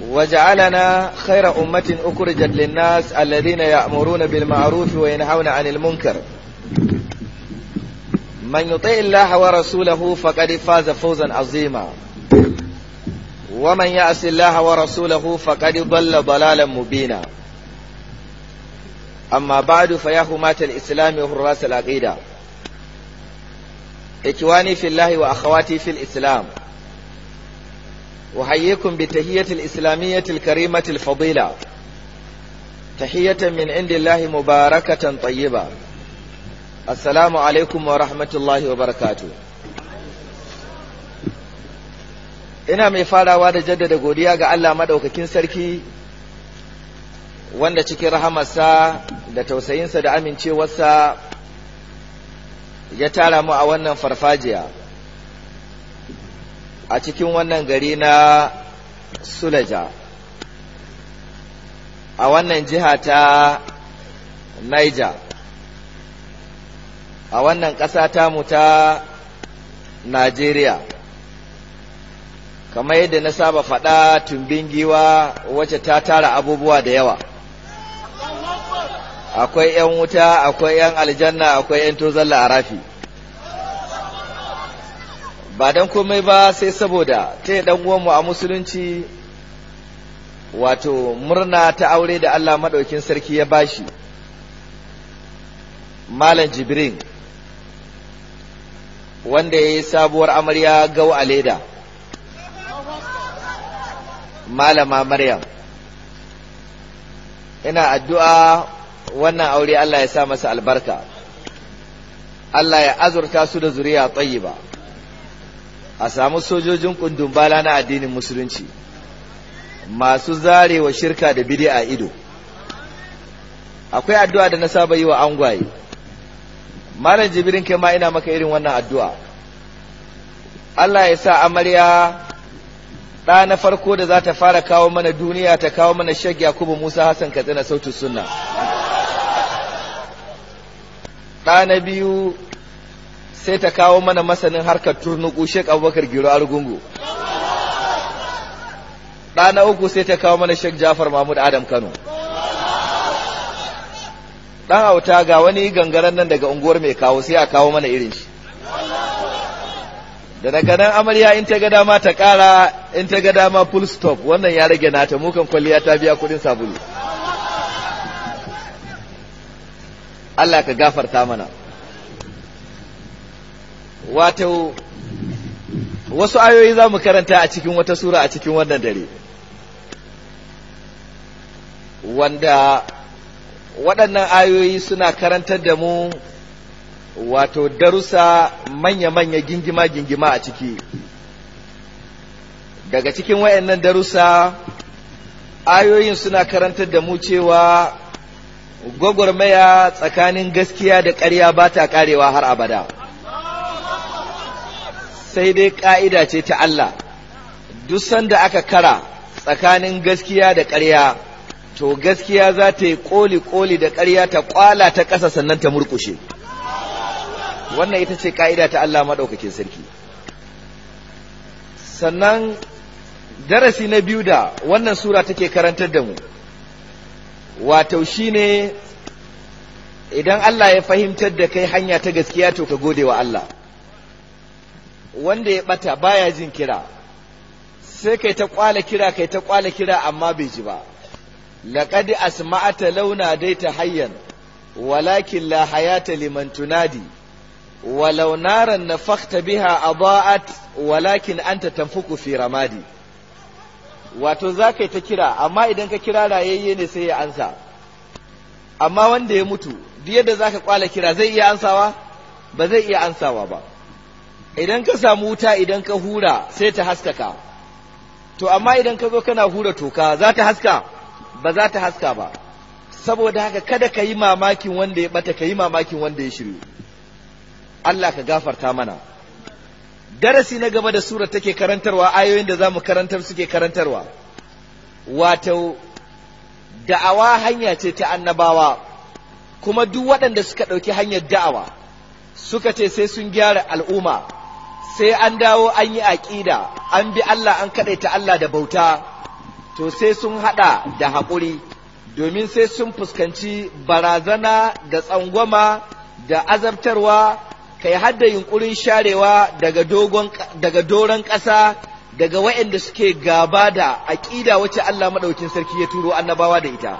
وجعلنا خير أمة أخرجت للناس الذين يأمرون بالمعروف وينهون عن المنكر من يطيع الله ورسوله فقد فاز فوزا عظيما ومن يأس الله ورسوله فقد ضل ضلالا مبينا أما بعد فيا مات الإسلام وهراس العقيدة إخواني في الله وأخواتي في الإسلام أحييكم بتحية الإسلامية الكريمة الفضيلة تحية من عند الله مباركة طيبة السلام عليكم ورحمة الله وبركاته ina mai farawa da jaddada godiya ga Allah maɗaukakin sarki wanda cikin rahamarsa da tausayinsa da amincewarsa ya tara mu a wannan farfajiya a cikin wannan gari na Sulaja a wannan jiha ta Niger a wannan ƙasa tamu ta Najeriya kamar yadda na saba faɗa tumbin giwa wacce ta tara abubuwa da yawa akwai 'yan wuta akwai 'yan aljanna akwai 'yan tozalla a rafi ba don komai ba sai saboda ta yi mu a musulunci wato murna ta aure da Allah maɗaukin sarki ya bashi Malam Jibrin wanda ya yi sabuwar amarya gau a leda Malama Maryam ina addu'a wannan aure Allah ya sa masa albarka Allah ya azurta su da zuriya tsayi ba a samu sojojin bala na addinin musulunci masu zarewa shirka da bidi a ido akwai addu'a da na saba yi wa angwaye malam jibirin kai ma ina maka irin wannan addu'a Allah ya sa amarya ɗa na farko da za ta fara kawo mana duniya ta kawo mana shag Yakubu Musa Hassan Katsina sautu sunna ɗa na biyu sai ta kawo mana masanin harkar turnuku Sheikh Abubakar Giro Argungu ɗana uku sai ta kawo mana Sheikh Jafar Mahmud Adam Kano ɗan auta ga wani gangaren nan daga unguwar mai kawo sai a kawo mana irin shi da daga nan amarya in ta ga dama ta ƙara in ta ga dama full stop wannan ya rage nata mukan kwalliya ta biya kuɗin sabulu Allah ka gafarta mana wato wasu ayoyi za mu karanta a cikin wata sura a cikin wannan dare wanda waɗannan ayoyi suna karantar da mu wato darussa manya-manya gingima-gingima a ciki daga cikin wayannan darussa ayoyin suna karantar da mu cewa gwagwarmaya tsakanin gaskiya da ƙarya ba ta ƙarewa har abada sai dai ƙa'ida ce ta Allah duk sanda aka kara tsakanin gaskiya da ƙarya to gaskiya za ta yi ƙoli-ƙoli da ƙarya ta ƙwala ta ƙasa sannan ta murƙushe wannan ita ce ƙa'ida ta Allah maɗaukakin sarki sannan darasi na biyu da wannan sura take karantar da mu wato ne idan Allah ya fahimtar da kai hanya ta gaskiya to ka gode wa Allah wanda ya bata baya jin kira sai kai ta kwala kira kai ta kwala kira amma bai ji ba laqad asma'ata launa dai ta hayyan walakin la hayata liman tunadi walau naran nafakhta biha adaat walakin anta tanfuku fi ramadi wato za kai ta kira amma idan ka kira rayayye ne sai ya ansa amma wanda ya mutu duk yadda za ka kwala kira zai iya ansawa ba zai iya ansawa ba idan ka samu wuta idan ka hura sai ta haskaka to amma idan ka zo kana hura toka za ta haska ba za ta haska ba saboda haka kada ka yi mamakin wanda ya bata ka yi mamakin wanda ya shiryu Allah ka gafarta mana darasi na gaba da sura take karantarwa ayoyin da za mu karantar suke karantarwa wato da'awa hanya ce ta annabawa kuma duk waɗanda suka ɗauki hanyar da'awa suka ce sai sun gyara al'umma sai an dawo an yi aƙida an bi Allah an ta Allah da bauta to sai sun haɗa da haƙuri domin sai sun fuskanci barazana da tsangwama da azabtarwa kai hadda yunkurin sharewa daga doron ƙasa daga waɗanda suke gaba da aƙida wacce Allah maɗaukin sarki ya turo annabawa da ita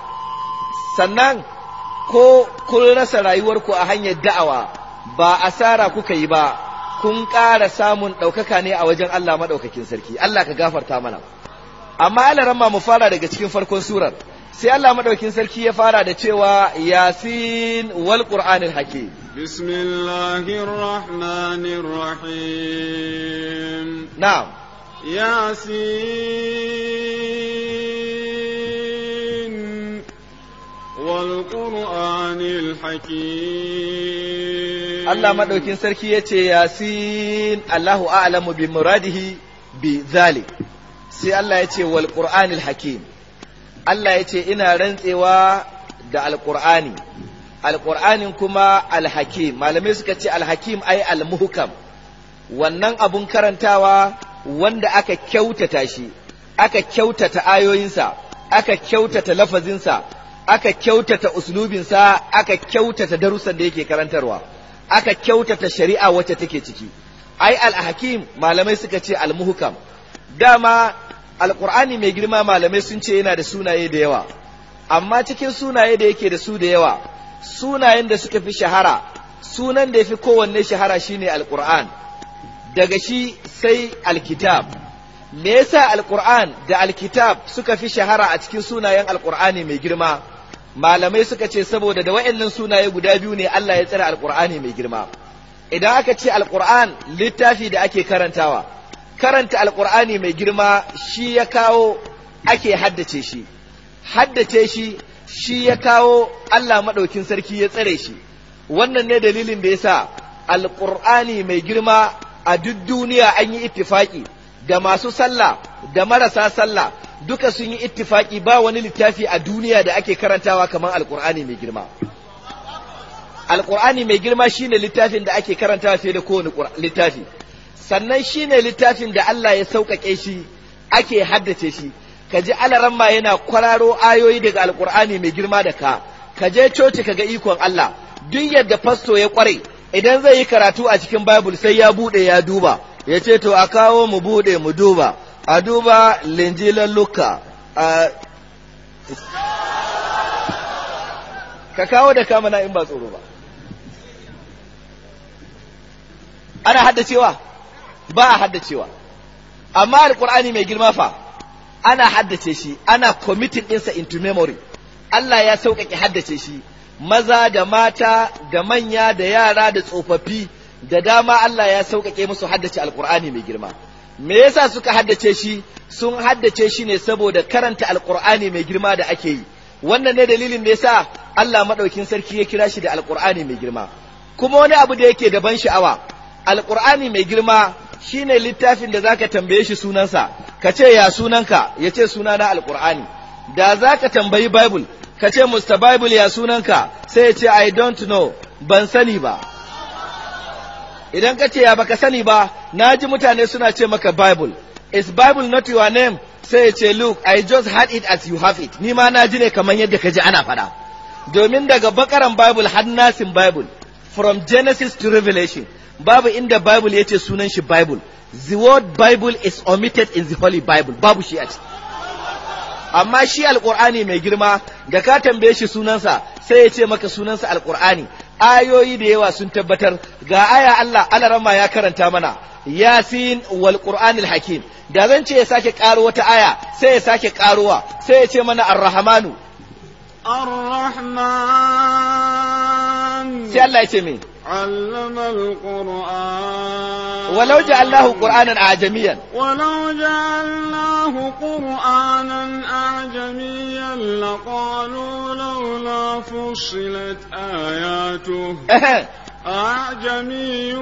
sannan ko kun rasa rayuwarku a hanyar da'awa ba asara kuka yi ba kun ƙara samun ɗaukaka ne a wajen Allah maɗaukakin sarki Allah ka gafarta mana amma alaramma mu fara daga cikin farkon surar sai Allah maɗaukakin sarki ya fara da cewa yasin wal Ƙur'anin haƙi. Bismillahirrahmanirrahim. na'am yasin wal Ƙur'anin haƙi. Allah maɗaukin sarki ya ce yasin Allahu a'lamu bi muradihi bi zali sai Allah ya ce wal qur'anil hakim Allah ya ce ina rantsewa da alƙur'ani. alqur'anin kuma alhakim malamai suka ce alhakim ai almuhkam wannan abun karantawa wanda aka kyautata shi aka kyautata ayoyinsa aka kyautata lafazinsa aka kyautata uslubinsa aka kyautata darussan da yake karantarwa aka kyautata shari'a wacce take ciki ai al-hakim malamai suka ce al-muhkam dama al-qur'ani mai girma malamai sun ce yana da sunaye da yawa amma cikin sunaye da yake da su da yawa sunayen da suka fi shahara sunan da yafi kowanne shahara shine al al-qur'an daga shi sai Al-kitab. me yasa al-qur'an da Al-kitab suka fi shahara a cikin sunayen al al-qur'ani mai girma malamai suka ce saboda da wa'annan sunaye guda biyu ne Allah ya tsira alqur'ani mai girma idan aka ce alqur'an littafi da ake karantawa karanta alqur'ani mai girma shi ya kawo ake haddace shi haddace shi shi ya kawo Allah madaukin sarki ya tsare shi wannan ne dalilin da yasa alqur'ani mai girma a duk duniya an yi ittifaki da masu sallah da marasa sallah duka sun yi ittifaki ba wani littafi a duniya da ake karantawa kamar alkur'ani mai girma alkur'ani mai girma shine littafin da ake karantawa fiye da kowane littafi sannan shine littafin da Allah ya sauƙaƙe shi ake haddace shi ka ji alaramma yana kwararo ayoyi daga alkur'ani mai girma da ka ka je coci ka ga ikon Allah duk yadda fasto ya kware idan zai yi karatu a cikin bible sai ya bude ya duba ya ce to a kawo mu bude mu duba a duba linjilan luka a ka kawo da na in ba tsoro ba ana haddacewa ba a haddacewa amma alkur'ani mai girma fa ana haddace shi ana kwamitin ɗinsa into memory Allah ya sauƙaƙe haddace shi maza da mata da manya da yara da tsofaffi da dama Allah ya sauƙaƙe musu haddace alkur'ani mai girma me yasa suka haddace shi sun haddace shi ne saboda karanta alqur'ani mai girma da ake yi wannan ne dalilin da yasa Allah madaukin sarki ya kira shi da alqur'ani mai girma kuma wani abu da yake da ban sha'awa alqur'ani mai girma shine littafin da zaka tambaye shi sunansa ka ce ya sunanka ya ce na alqur'ani da zaka tambayi bible ka ce mr bible ya sunanka sai ya ce i don't know ban sani ba idan ka ce ya baka sani ba na ji mutane suna ce maka bible is bible not your name sai ya ce look i just had it as you have it ni ma na ji ne kamar yadda ka ji ana faɗa domin daga bakaran bible har nasin bible from genesis to revelation babu inda bible ya ce sunan shi bible the word bible is omitted in the holy bible babu shi a amma shi alkur'ani mai girma da ka tambaye shi sunansa sai ya ce maka sunansa alkur'ani ayoyi da yawa sun tabbatar ga aya Allah alarama ya karanta mana yasin wal qur'anil hakim da zan ce ya sake karo wata aya sai ya sake karowa sai ya ce mana arrahmanu arrahman sai Allah ya ce me علم القرآن ولو جعلناه قرآنا أعجميا ولو جعلناه قرآنا أعجميا لقالوا لولا فصلت آياته أعجمي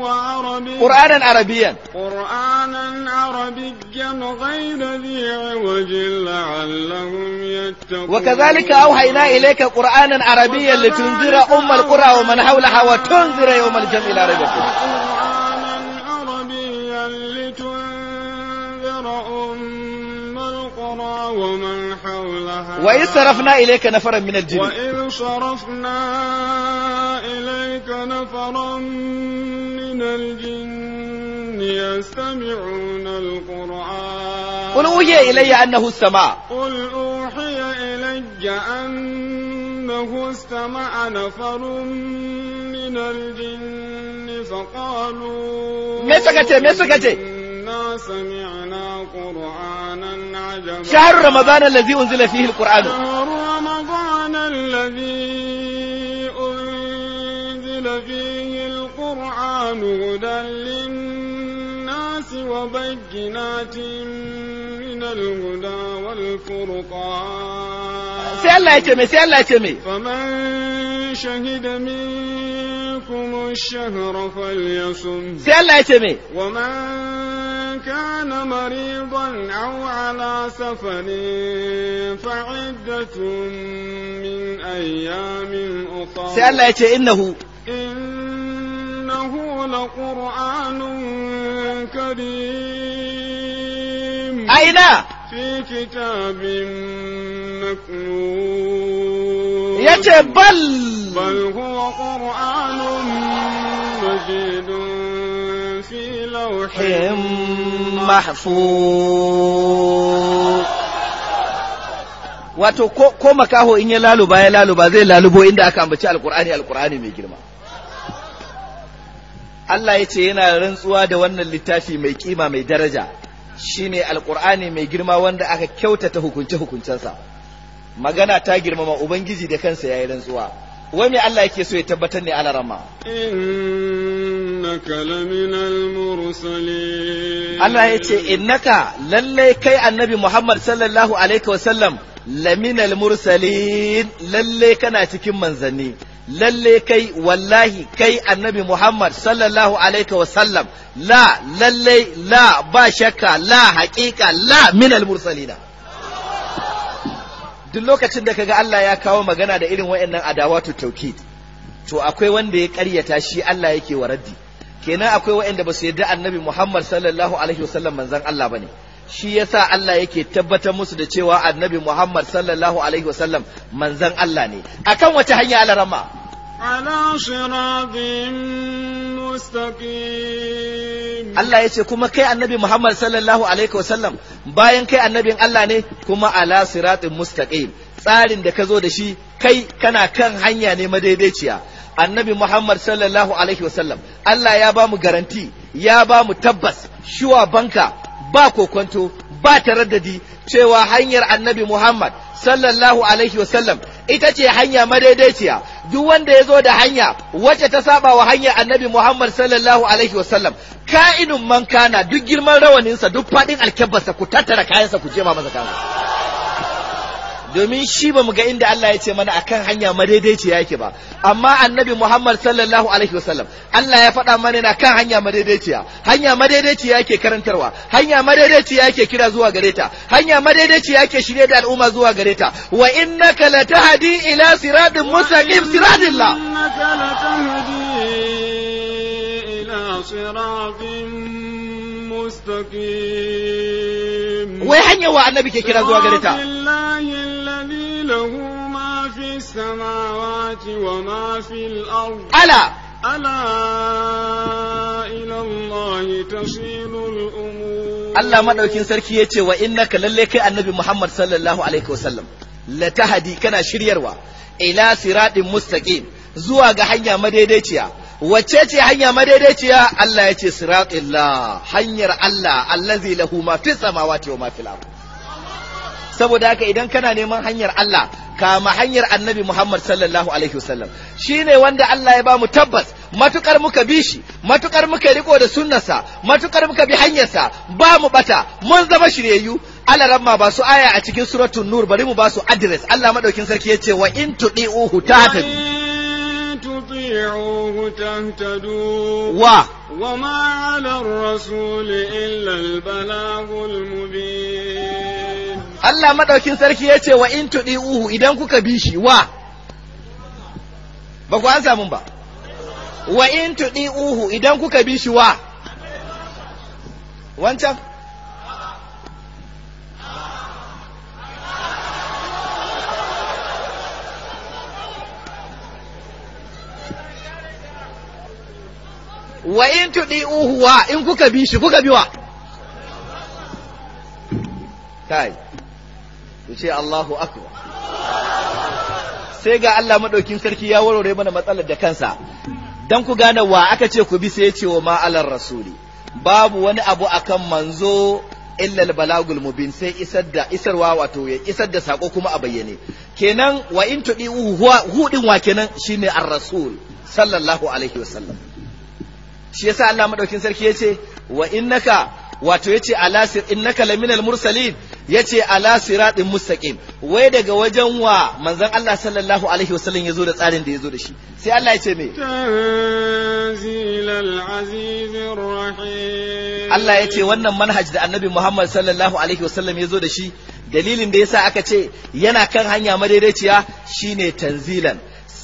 وعربيا قرآنا عربيا قرآنا عربيا غير ذي عوج لعلهم يتقون وكذلك أوحينا إليك قرآنا عربيا لتنذر أم القرى ومن حولها وتنذر يوم الجمع لتنذر أم القرى ومن حولها وإذ صرفنا إليك نفرا من الجن وإذ صرفنا إليك نفرا من الجن يستمعون القرآن قل أوحي إلي أنه استمع قل أوحي إلي أنه استمع نفر من الجن فقالوا ما سكتي سكتي إنا سمعنا قرآنا عجبا شهر رمضان الذي أنزل فيه القرآن القرآن هدى للناس وبينات من الهدى والفرقان سي الله يتمي سي الله يتمي فمن شهد منكم الشهر فليصم سي الله يتمي ومن كان مريضا أو على سفر فعدة من أيام أخرى سي الله يتمي إنه إن إنه لقرآن كريم أين في كتاب مكنون يتبل بل هو قرآن مجيد في لوح محفوظ wato ko makaho in ya laluba ya laluba zai lalubo inda aka ambaci alkur'ani alkur'ani mai girma Allah ya ce yana rantsuwa da wannan littafi mai kima mai daraja Shi ne Alƙur'ani mai girma wanda aka kyautata hukunce hukuncensa magana ta girmama ubangiji da kansa yayi rantsuwa wai me Allah yake so ya tabbatar ne alarama innaka laminal mursalin Allah ya ce innaka lallai kai annabi Muhammad sallallahu alaihi wasallam laminal mursalin lallai kana cikin manzanni lalle kai wallahi kai annabi Muhammad sallallahu alaihi wasallam la lalle la ba shakka la haƙiƙa la min minal mursalina duk lokacin da kaga Allah ya kawo magana da irin wayannan adawatu tauhid to akwai wanda ya ƙaryata shi Allah yake wa raddi kenan akwai wayanda ba su yarda annabi Muhammad sallallahu alaihi wasallam manzon Allah bane shi yasa Allah yake tabbatar musu da cewa annabi Muhammad sallallahu alaihi wasallam manzon Allah ne akan wace hanya alarama ala siratin mustaqim Allah yace kuma kai annabi Muhammad sallallahu alaihi wasallam bayan kai annabin Allah ne kuma ala siratin mustaqim tsarin da ka zo da shi kai kana kan hanya ne madaidaiciya annabi Muhammad sallallahu alaihi wasallam Allah ya ba mu garanti ya ba mu tabbas shuwa banka ba kokwanto ba taraddadi cewa hanyar annabi Muhammad sallallahu alaihi wasallam ita ce hanya madaidaiciya duk wanda ya zo da hanya wacce ta saba wa hanyar annabi Muhammad sallallahu alaihi wasallam ka'inun man kana duk girman rawaninsa duk faɗin alkebarsa ku tattara kayansa ku jema masa kana domin shi ba mu ga inda Allah ya ce mana akan hanya madaidaici yake ba amma annabi Muhammad sallallahu alaihi wasallam Allah ya faɗa mana na kan hanya madaidaiciya hanya madaidaiciya yake karantarwa hanya madaidaiciya yake kira zuwa gare ta hanya madaidaiciya yake shirye da al'umma zuwa gare ta wa innaka latahdi ila siratin mustaqim siratillah innaka latahdi ila siratin wa annabi ke kira zuwa كده زوا له ما في السماوات وما في الأرض ألا ألا إلى الله تصير الأمور الله ما دوكين سركي يتي وإنك لليك النبي محمد صلى الله عليه وسلم لتهدي كنا شريروا إلى صراط مستقيم زوا غحيا hanya madaidaiciya wacce ce hanya madaidaiciya Allah ya ce siratillah hanyar Allah allazi lahu ma fis samawati wa ma fil ardh saboda haka idan kana neman hanyar Allah kama hanyar annabi Muhammad sallallahu alaihi wasallam shine wanda Allah ya bamu tabbas matukar muka bi shi matukar muka riko da sunnarsa matukar muka bi hanyarsa ba mu bata mun zama shiryayyu Allah ramma ba su aya a cikin suratun nur bari mu ba su address Allah madaukin sarki ya ce wa in tudiuhu tahtadu wa تهتدوا و... وما mubin Allah madaukin sarki ya ce wa in uhu idan kuka bi shi wa ba ku an samun ba wa in uhu idan kuka bi shi wa wancan wa in uhu wa in kuka bi shi kuka bi wa kai ku ce Allahu akbar sai ga Allah maɗaukin sarki ya warware mana matsalar da kansa dan ku gane wa aka ce ku bi sai ya ce wa ma'alar rasuli babu wani abu akan manzo illal balagul mubin sai isar da isarwa wato ya isar da sako kuma a bayyane kenan wa in tudi hudin wa kenan shine ar-rasul sallallahu alaihi wasallam shi yasa Allah madaukin sarki yace wa innaka wato yace alasir in innaka laminal mursalin yace ala siratin mustaqim wai daga wajen wa manzon Allah sallallahu alaihi wasallam yazo da tsarin da yazo da shi sai Allah ya ce me Allah azizir rahim Allah wannan manhaj da annabi Muhammad sallallahu alaihi wasallam yazo da shi dalilin da yasa aka ce yana kan hanya madaidaiciya shine tanzilan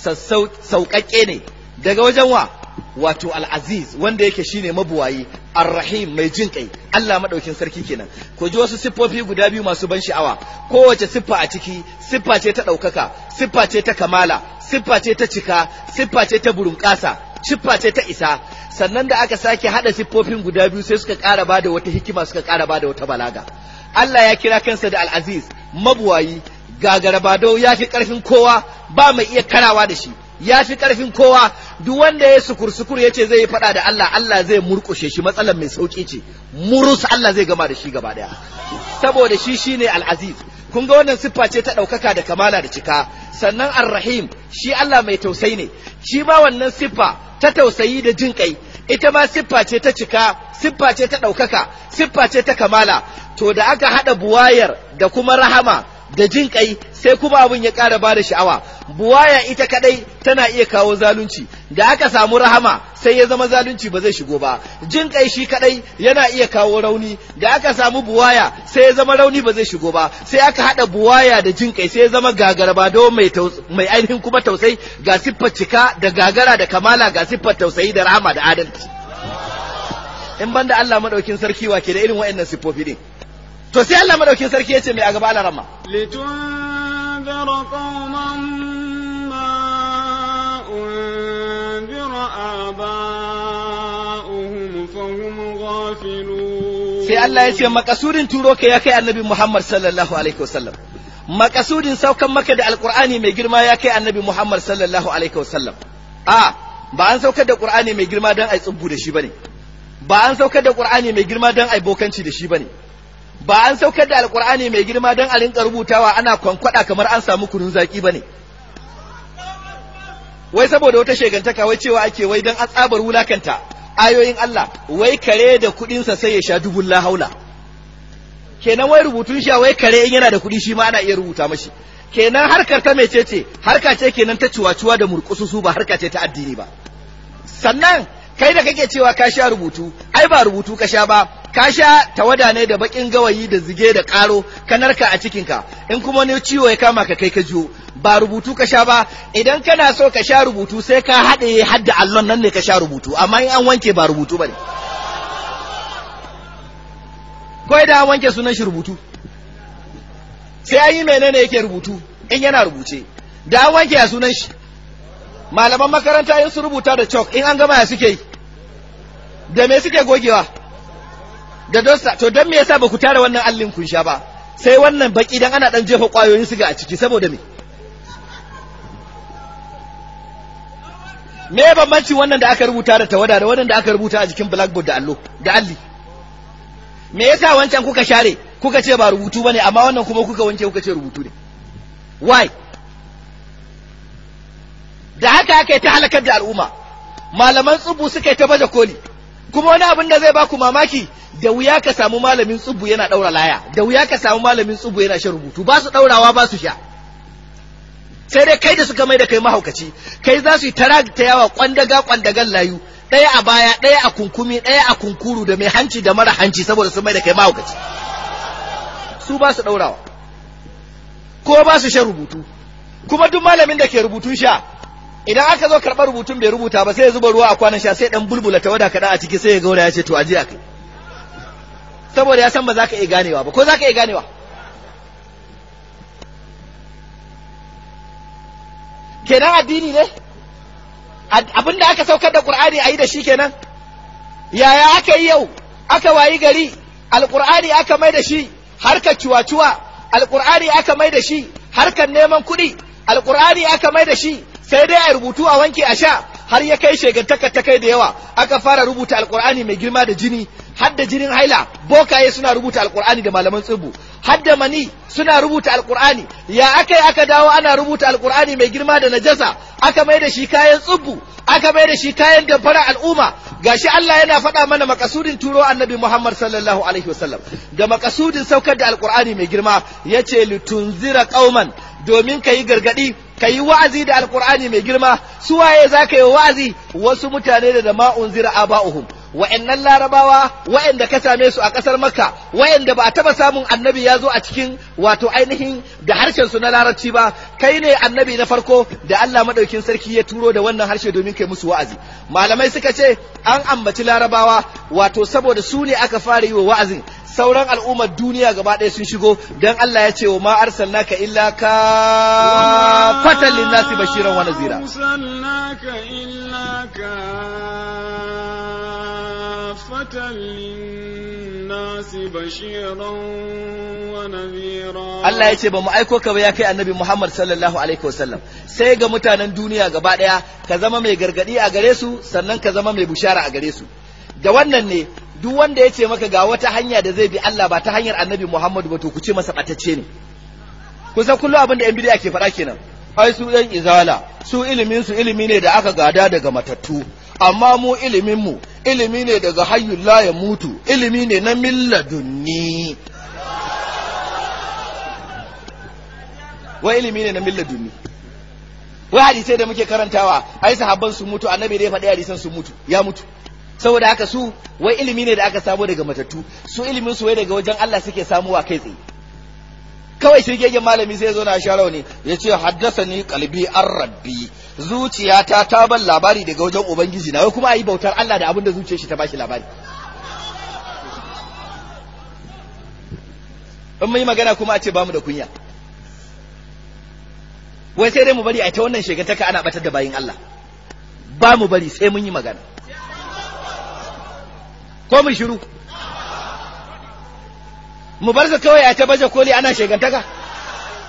sauƙaƙe ne daga wajen wa wato al'aziz wanda yake shine mabuwayi arrahim mai jin kai Allah maɗaukin sarki kenan Ko ji wasu siffofi guda biyu masu ban sha'awa kowace siffa a ciki siffa ce ta ɗaukaka siffa ce ta kamala siffa ce ta cika siffa ce ta burunƙasa siffa ce ta isa sannan da aka sake haɗa siffofin guda biyu sai suka ƙara bada wata hikima suka ƙara bada wata balaga Allah ya kira kansa da al'aziz mabuwayi mabuwayi gagarabado ya fi ƙarfin kowa ba mai iya karawa da shi ya fi ƙarfin kowa duk wanda ya sukur sukur ya ce zai yi fada da Allah Allah zai murkushe shi matsalar mai sauki ce murus Allah zai gama da shi gaba daya saboda shi shine al-aziz kun ga wannan siffa ce ta ɗaukaka da kamala da cika sannan ar-rahim shi Allah mai tausayi ne shi ma wannan siffa ta tausayi da jin kai ita ma siffa ce ta cika siffa ce ta ɗaukaka siffa ce ta kamala to da aka haɗa buwayar da kuma rahama da jin kai sai kuma abin ya kara ba da sha'awa buwaya ita kadai tana iya kawo zalunci da aka samu rahama sai ya zama zalunci ba zai shigo ba jin kai shi kadai yana iya kawo rauni da aka samu buwaya sai ya zama rauni ba zai shigo ba sai aka hada buwaya da jin kai sai ya zama gagarba da mai mai ainihin kuma tausayi ga siffar cika da gagara da kamala ga siffar tausayi da rahama da adalci in banda Allah madaukin sarki wa ke da irin waɗannan siffofi din to sai Allah madaukin sarki ya ce mai a gaba alarama sai Allah ya ce makasudin turo ka ya kai annabi Muhammad sallallahu alaihi wasallam makasudin saukan maka da alqur'ani mai girma ya kai annabi Muhammad sallallahu alaihi wasallam a ba an saukar da qur'ani mai girma dan ai tsubbu da shi bane ba an saukar da qur'ani mai girma dan ai bokanci da shi bane ba an saukar da alkur'ani mai girma don a rinka rubutawa ana kwankwada kamar an samu kunun zaki ba ne wai saboda wata shegantaka wai cewa ake wai don tsabar wulakanta ayoyin Allah wai kare da kuɗinsa sai ya sha dubun lahaula kenan wai rubutun sha wai kare in yana da kuɗi shi ma ana iya rubuta mashi kenan harkar ta mecece harka ce kenan ta cuwacuwa da murkususu ba harka ce ta addini ba sannan kai da kake cewa ka sha rubutu ai ba rubutu ka sha ba ka sha tawada ne da bakin gawayi da zige da karo ka narka a cikinka in kuma ne ciwo ya kama ka kai ka jiwo ba rubutu ka sha ba idan kana so ka sha rubutu sai ka haɗe hadda allon nan ne ka sha rubutu amma in an wanke ba rubutu ba ne ko da an wanke sunan shi rubutu sai an yi menene yake rubutu in yana rubuce da an wanke a sunan shi malaman makaranta in su rubuta da chalk in an gama ya suke yi da me suke gogewa da dosta to don me yasa ba ku tara wannan allin kun sha ba sai wannan baki dan ana dan jefa kwayoyin siga a ciki saboda me me bambancin wannan da aka rubuta da tawada da wannan da aka rubuta a jikin blackboard da allo da alli me yasa wancan kuka share kuka ce ba rubutu bane amma wannan kuma kuka wanke kuka ce rubutu ne why da haka aka yi ta halakar da al'umma malaman tsubu suka yi ta baje koli kuma wani abin da zai ba ku mamaki da wuya ka samu malamin tsubu yana ɗaura laya da wuya ka samu malamin tsubu yana shan rubutu ba su ɗaurawa ba su sha sai dai kai da suka mai da kai mahaukaci kai za su yi tara ta yawa kwandaga kwandagan layu ɗaya a baya ɗaya a kunkumi ɗaya a kunkuru da mai hanci da mara hanci saboda sun mai da kai mahaukaci su ba su ɗaurawa ko ba su shan rubutu kuma duk malamin da ke rubutun sha idan aka zo karɓar rubutun bai rubuta ba sai ya zuba ruwa a kwanan sha sai ɗan bulbula tawada kaɗa a ciki sai ya gaura ya ce to ajiya a kai saboda ya san ba za ka iya ganewa ba ko za ka iya ganewa kenan addini ne abin da aka saukar da qur'ani a yi da shi kenan yaya aka yi yau aka wayi gari alqur'ani aka mai da shi harkar ciwa-ciwa alqur'ani aka mai da shi harkar neman kuɗi alqur'ani aka mai da shi sai dai a rubutu a wanke a sha har ya kai shegantakar ta kai da yawa aka fara rubuta alkur'ani mai girma da jini hadda jinin haila bokaye suna rubuta alkur'ani da malaman tsibu hadda mani suna rubuta alkur'ani ya aka yi aka dawo ana rubuta alkur'ani mai girma da najasa aka mai da shi kayan tsibu aka mai da shi kayan damfara al'umma gashi Allah yana faɗa mana makasudin turo annabi Muhammad sallallahu alaihi wasallam da makasudin saukar da alkur'ani mai girma yace litunzira qauman domin kayi gargadi kayi wa'azi da alkur'ani mai girma suwaye zaka yi wa'azi wasu mutane da da ma unzira aba'uhum wa'annan larabawa wa'anda ka same su a ƙasar makka wa'anda ba a taɓa samun annabi ya zo a cikin wato ainihin da harshen su na larabci ba kai ne annabi na farko da Allah madaukin sarki ya turo da wannan harshe domin kai musu wa'azi malamai suka ce an ambaci larabawa wato saboda su ne aka fara yi wa wa'azin sauran al'ummar duniya gaba ɗaya sun shigo don Allah ya ce wa ma arsalnaka illa ka fatalin nasi bashiran wa nazira illa ka Allah ya ce ba mu aiko ka ba ya kai annabi Muhammad sallallahu alaihi wasallam sai ga mutanen duniya gaba daya ka zama mai gargaɗi a gare su sannan ka zama mai bushara a gare su da wannan ne duk wanda ya ce maka ga wata hanya da zai bi Allah ba ta hanyar annabi muhammad ba to ku ce masa batacce ne kusa kullum abin da yan bidiya ke faɗa kenan ai su yan izala su ilimin su ilimi ne da aka gada daga matattu amma mu iliminmu ilimi ne daga hayyul ya mutu ilimi ne na milladunni wai ilimi ne na milladunni wai hadisai da muke karantawa ai sahabban su mutu annabi da ya faɗi hadisan su mutu ya mutu saboda haka su wai ilimi ne da aka samu daga matattu su ilimin su wai daga wajen Allah suke samuwa kai tsaye kawai sai gegen malami sai zo na sharau ne ya ce haddasa ni kalbi an rabbi zuciyata ta ban labari daga wajen ubangiji na wai kuma a yi bautar Allah da abinda da zuciyar shi ta bashi labari in mai magana kuma a ce bamu da kunya wai sai dai mu bari a ta wannan shegataka ana batar da bayin Allah ba mu bari sai mun yi magana ko mu shiru mu bar su kawai a ta baje koli ana shegantaka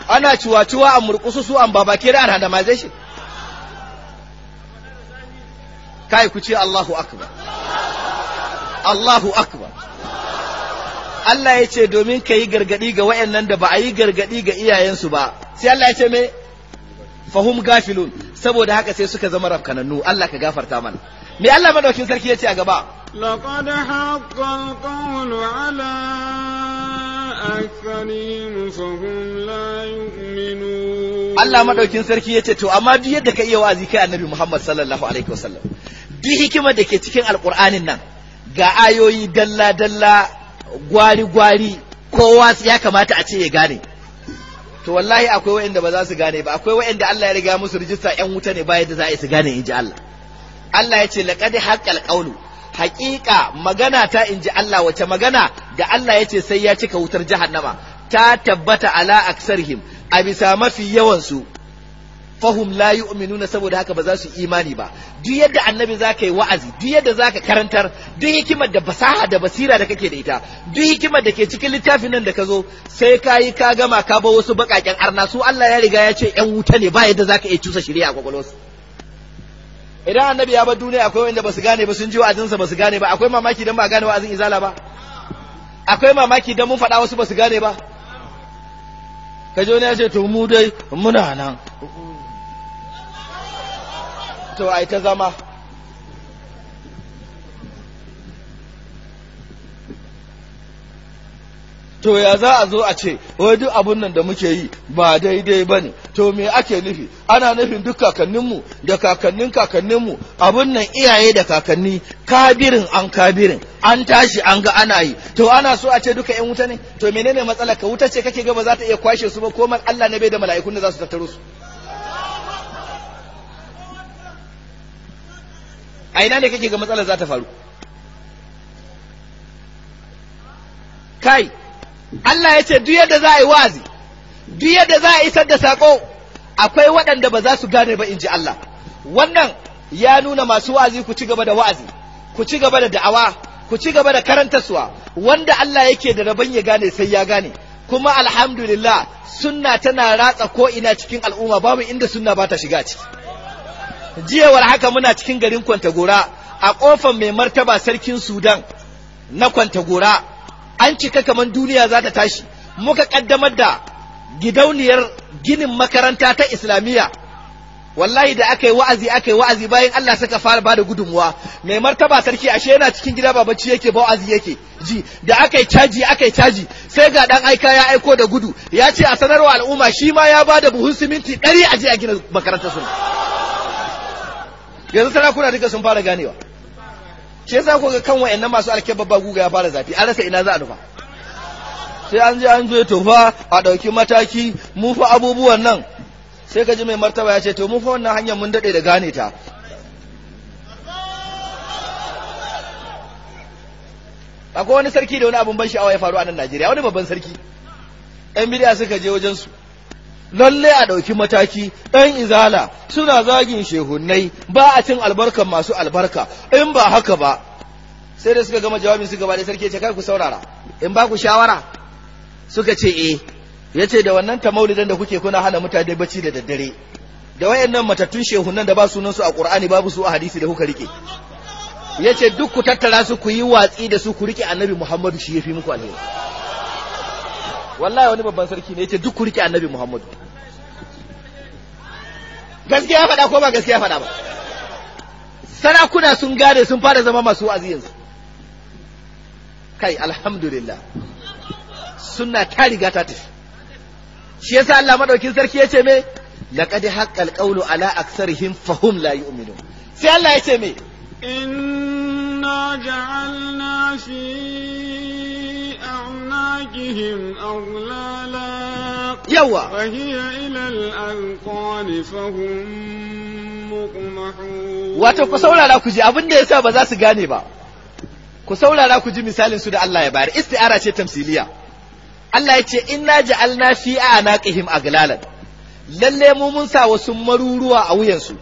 ana ciwa-ciwa a murkusu su an babake da randomization kai ku ce Allahu akbar Allahu akbar Allah ya ce domin ka yi gargadi ga wayannan da ba a yi gargadi ga iyayensu ba sai Allah ya ce me fahum gafilun saboda haka sai suka zama rafkanannu Allah ka gafarta mana me Allah madaukin sarki ya ce a gaba لقد حق القول على أكثرهم فهم لا يؤمنون الله ما دوكين سركي yace to amma duk yadda ka iya wa'azi kai annabi Muhammad sallallahu alaihi wasallam duk hikimar da ke cikin alqur'anin nan ga ayoyi dalla dalla gwari gwari kowa ya kamata a ce ya gane to wallahi akwai waɗanda ba su gane ba akwai waɗanda Allah ya riga musu rijista ƴan wuta ne ba za a su gane in ji Allah Allah ya ce laqad haqqal qawlu haƙiƙa magana ta inji Allah wace magana da Allah ya ce sai ya cika wutar jahannama ta tabbata ala aksarhim a bisa mafi yawansu fahum la yu'minuna saboda haka ba za su imani ba duk yadda annabi za ka yi wa'azi duk yadda za ka karantar duk hikimar da basaha da basira da kake da ita duk hikimar da ke cikin littafin nan da ka zo sai ka yi ka gama ka bar wasu baƙaƙen arna su Allah ya riga ya ce ƴan wuta ne ba yadda za ka iya cusa shirya a kwakwalwarsu idan annabi ya bar duniya akwai wanda basu gane ba sun ji wa'azinsa basu gane ba akwai mamaki dan ba gane wa'azin izala ba akwai mamaki dan mun faɗa wasu basu gane ba kaje wani ya ce to mu dai muna nan to ai ta zama to ya za a zo a ce wai duk abun nan da muke yi ba daidai ba ne to me ake nufi ana nufin duk kakanninmu da kakannin kakanninmu Abun nan iyaye da kakanni kabirin an kabirin an tashi an ga ana yi to ana so a ce duka yan wuta ne to menene matsala? ka wuta ce kake ga ba za ta iya kwashe su ba ko man Allah ne bai da mala'iku ne za su tattaro su a ina ne kake ga matsalar za ta faru kai Allah ya ce duk yadda za a yi wazi duk yadda za a isar da sako akwai waɗanda ba za su gane ba in ji Allah wannan ya nuna masu wa'azi ku ci gaba da wa'azi ku ci gaba da da'awa ku ci gaba da karantaswa. wanda Allah yake da rabon ya gane sai ya gane kuma alhamdulillah sunna tana ratsa ko ina cikin al'umma babu inda sunna ba ta shiga ciki jiyawar haka muna cikin garin kwantagora a kofar mai martaba sarkin sudan na kwantagora an cika kaman duniya za ta tashi muka kaddamar da gidauniyar ginin makaranta ta islamiyya wallahi da aka yi wa'azi aka yi wa'azi bayan Allah suka fara bada gudunmuwa mai martaba sarki ashe yana cikin gida ba bacci yake ba wa'azi yake ji da aka yi caji aka yi caji sai ga dan aika ya aiko da gudu ya ce a sanarwa al'umma shi ma ya bada buhun siminti ɗari a je a gina makarantar sun yanzu sarakuna duka sun fara ganewa Ke yasa ku ga kan wayannan masu alkebabba guga ya fara zafi an rasa ina za a nufa sai an je an zo to a ɗauki mataki mu fa abubuwan nan sai ka ji mai martaba ya ce to mu fa wannan hanyar mun daɗe da gane ta akwai wani sarki da wani abin ban sha'awa ya faru a nan Najeriya wani babban sarki ɗan bidiya suka je wajen lalle a ɗauki mataki ɗan izala suna zagin shehunnai ba a cin albarkar masu albarka in ba haka ba sai da suka gama jawabin suka ba da sarki ce kai ku saurara in ba ku shawara suka ce eh yace da wannan ta maulidan da kuke kuna hana mutane bacci da daddare da wayannan matattun shehunan da ba sunan su a Qur'ani babu su a hadisi da kuka rike yace duk ku tattara su ku yi watsi da su ku rike Annabi Muhammadu shi ya fi muku alheri wallahi wani babban sarki ne yace duk ku rike Annabi Muhammadu gaskiya ya faɗa ko ba gaskiya faɗa ba sarakuna sun gane sun fara zama masu wa'azi yanzu kai alhamdulillah sunna ta riga ta tafi shi yasa Allah madaukin sarki yace me laqad haqqal qawlu ala aktsarihim fahum la yu'minun sai Allah yace me inna ja'alna fi a'naqihim aghlala yawa wa hiya ila al-anqan fahum muqmahun wato ku saurara ku ji abin da yasa ba za su gane ba ku saurara ku ji misalin su da Allah ya bayar isti'ara ce tamsiliya Allah ya ce inna ja'alna fi anaqihim aglalan lalle mu mun sa wasu maruruwa a wuyansu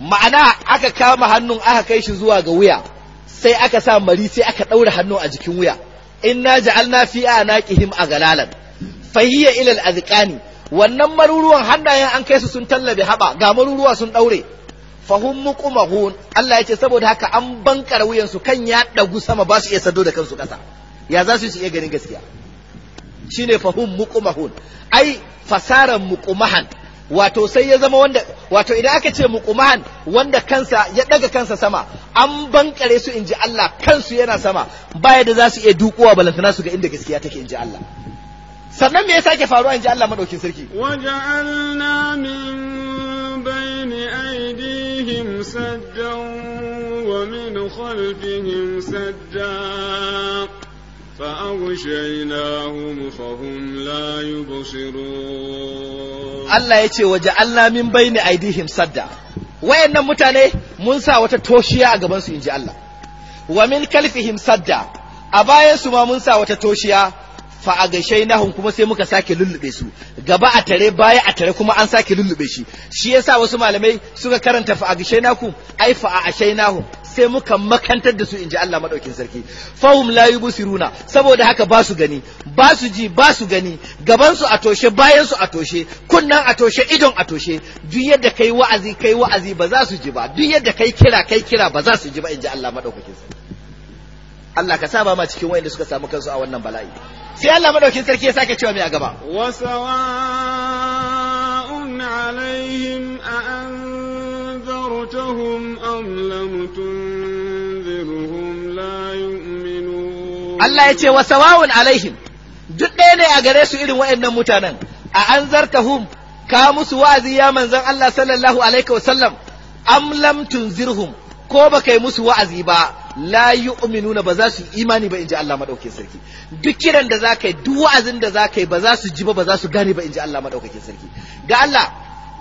ma'ana aka kama hannun aka kai shi zuwa ga wuya sai aka sa mari sai aka daura hannu a jikin wuya inna ja'alna fi anaqihim aglalan fahiya ila al-azqani wannan maruruwan hannayen an kai su sun tallabe haba ga maruruwa sun daure fahum muqmahun Allah ya ce saboda haka an bankara wuyansu kan ya dagu sama ba su iya sado da kansu kasa ya za su iya ganin gaskiya shine fahum muqmahun ai fasaran muqmahan wato sai ya zama wanda wato idan aka ce muqmahan wanda kansa ya daga kansa sama an bankare su inji Allah kansu yana sama baya da za su iya dukuwa balantana su ga inda gaskiya take inji Allah sannan me ya sake faruwa inji Allah madaukin sarki waja'alna min bayni aydihim saddan wa min khalfihim saddan Allah ya ce waje الله يتي وجعلنا من بين sadda wayannan mutane mun sa wata toshiya a gaban su inji Allah wa min kalfihim sadda a bayansu ma mun sa wata toshiya fa a gaishe nahun kuma sai muka sake lullube su gaba a tare baya a tare kuma an sake lullube shi shi yasa wasu malamai suka karanta fa a gaishe ku. ai fa a ashe nahun sai muka makantar da su inji Allah madaukin sarki fahum la yubsiruna saboda haka ba su gani ba su ji ba su gani gaban su a toshe bayan su a toshe kunnan a toshe idon a toshe duk yadda kai wa'azi kai wa'azi ba za su ji ba duk yadda kai kira kai kira ba za su ji ba inji Allah madaukakin sarki Allah ka saba ma cikin wayanda suka samu kansu a wannan bala'i sai Allah madaukin sarki ya sake cewa mai a gaba Allah ya ce wa sawa'un alaihim duk ɗaya ne a gare su irin waɗannan mutanen a anzartahum ka musu wa'azi ya manzon Allah sallallahu alaihi wasallam am lam tunzirhum ko baka yi musu wa'azi ba la yu'minuna ba za su imani ba ji Allah madaukakin sarki duk kiran da zaka yi duk wa'azin da zaka yi ba za su ji ba ba za su gane ba in ji Allah madaukakin sarki ga Allah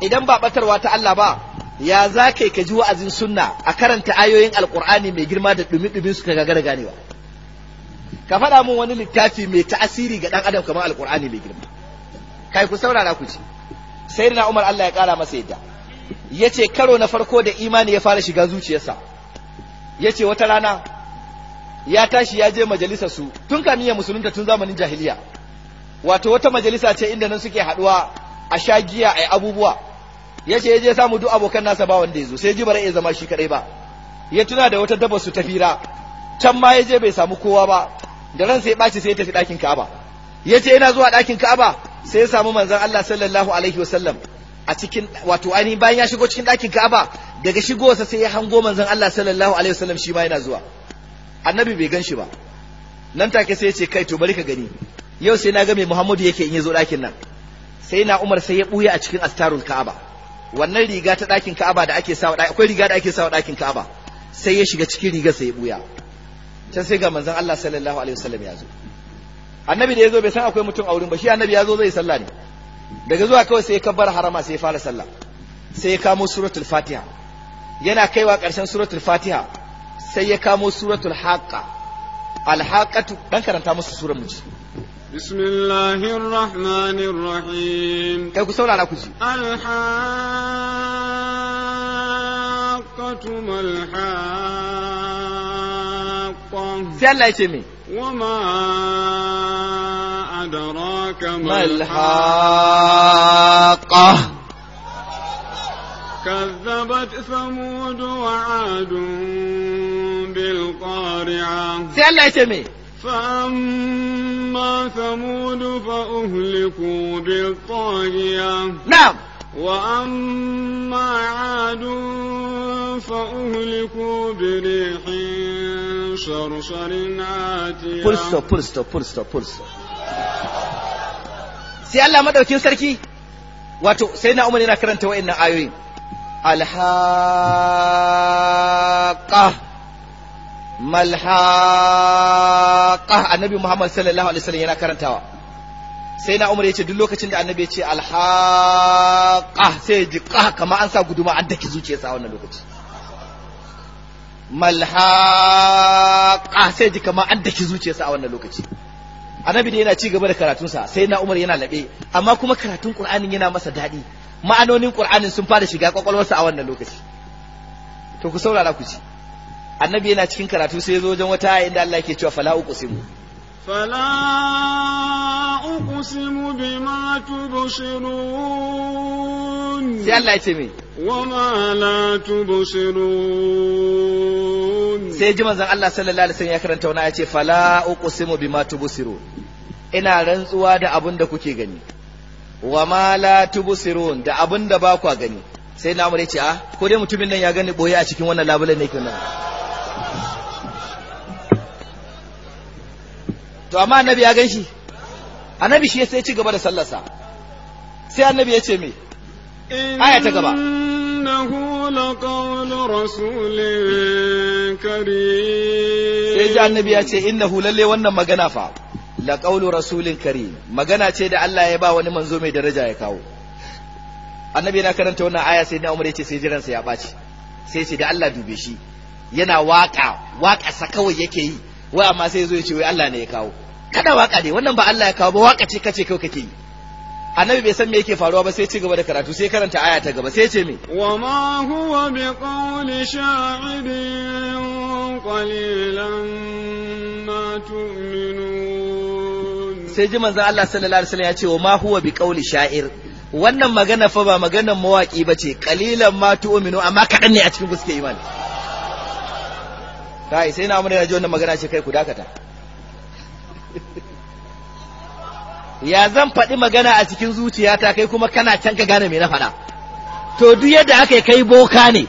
idan ba batarwa ta Allah ba ya za ka ka ji wa'azin sunna a karanta ayoyin alkur'ani mai girma da dumi-dumin su ka gagara ganewa ka faɗa min wani littafi mai ta'asiri ga ɗan adam kamar alkur'ani mai girma kai ku saurara ku ci sai umar Allah ya ƙara masa yadda yace karo na farko da imani ya fara shiga zuciyarsa ya ce wata rana ya tashi ya je majalisa su tun kamin musulunta tun zamanin jahiliya wato wata majalisa ce inda nan suke haduwa a sha giya a abubuwa ya ce ya je samu duk abokan nasa ba wanda ya zo sai ji bara ya zama shi kadai ba ya tuna da wata dabar su ta can ma ya je bai samu kowa ba da ran sai ya ɓaci sai ya tafi ɗakin ka'aba ya ce yana zuwa ɗakin ka'aba sai ya samu manzon Allah sallallahu alaihi wasallam a cikin wato ani bayan ya shigo cikin ɗakin Ka'aba daga shigowarsa sai ya hango manzon Allah sallallahu alaihi wasallam shi ma yana zuwa annabi bai gan shi ba nan take sai ya ce kai to bari ka gani yau sai na ga mai Muhammadu yake in ya zo ɗakin nan sai na Umar sai ya buya a cikin astarul Ka'aba wannan riga ta ɗakin Ka'aba da ake sawa akwai riga da ake sawa ɗakin Ka'aba sai ya shiga cikin rigar sai ya buya can sai ga manzon Allah sallallahu alaihi wasallam ya zo annabi da ya zo bai san akwai mutum a wurin ba shi annabi ya zo zai sallah ne daga zuwa kawai sai ka bar harama sai fara sallah sai ya kamo suratul fatiha yana kaiwa karshen suratul fatiha sai ya kamo suratul haqqa alhaqatu dan karanta musu surar muji بسم الله الرحمن الرحيم كيف سولا ناكوزي الحاقة ما الحاقة وما أدراك ما الحاقة كذبت ثمود وعاد بالقارعة سألتمي فأما ثمود فأهلكوا بالطاغية نعم وأما عاد فأهلكوا بريح شرشر عاتية Pulso, pulso, pulso, pulso. sai Allah madaukin sarki wato sai na umar yana karanta wa'annan ayoyin alhaqa malhaqa annabi Muhammad sallallahu alaihi wasallam yana karantawa sai na umar yace duk lokacin da annabi yace alhaqa sai ji qa kamar an sa guduma an daki zuciya a wannan lokaci malhaqa sai ji kamar an daki zuciya sa wannan lokaci annabi da yana ci gaba da karatunsa sai na umar yana laɓe amma kuma karatun qur'anin yana masa daɗi ma'anonin qur'anin sun fara shiga kwakwalwarsa a wannan lokaci to ku saurara ku ci annabi yana cikin karatu sai ya zo wajen wata inda Allah yake cewa fala uqsimu fala uqsimu bima tubsirun sai Allah ya ce me wama la tubsirun sai ji manzon Allah sallallahu alaihi wasallam ya karanta wani ya ce fala uqsimu bima tubsiru ina rantsuwa da abin da kuke gani wa ma la tubsirun da abin da ba ku gani sai na amure ce a ah, ko dai mutumin nan ya gani boye a cikin wannan labulan ne kenan to amma annabi ya gan shi annabi shi sai ya ci gaba da sallarsa sai annabi ya ce me aya ta gaba Sai يتبعون قول رسول كريم سيجا النبي يأتي إنه للي وانا مغنى فا لقول رسول كريم مغنى ba wani يبا وني daraja ya kawo. annabi yana karanta wannan aya sai na umar yace sai jiran sa ya ɓaci sai ce da Allah dube shi yana waka waka sa kawai yake yi wai amma sai zo ya ce wai Allah ne ya kawo kada waka ne wannan ba Allah ya kawo ba waka ce kace kawai kake yi annabi bai san me yake faruwa ba sai ci gaba da karatu sai karanta aya ta gaba sai ce me wa ma huwa bi qawli sha'irin qalilan ma tu'minun sai ji manzo Allah sallallahu alaihi wasallam ya ce wa ma huwa bi qawli sha'ir wannan magana fa ba maganar mawaki bace qalilan ma tu'minu amma kadan ne a cikin ku suke imani kai sai na amurya ji wannan magana ce kai ku dakata ya zan faɗi magana a cikin zuciyata kai kuma kana can ka gane me na faɗa to duk yadda aka yi kai boka ne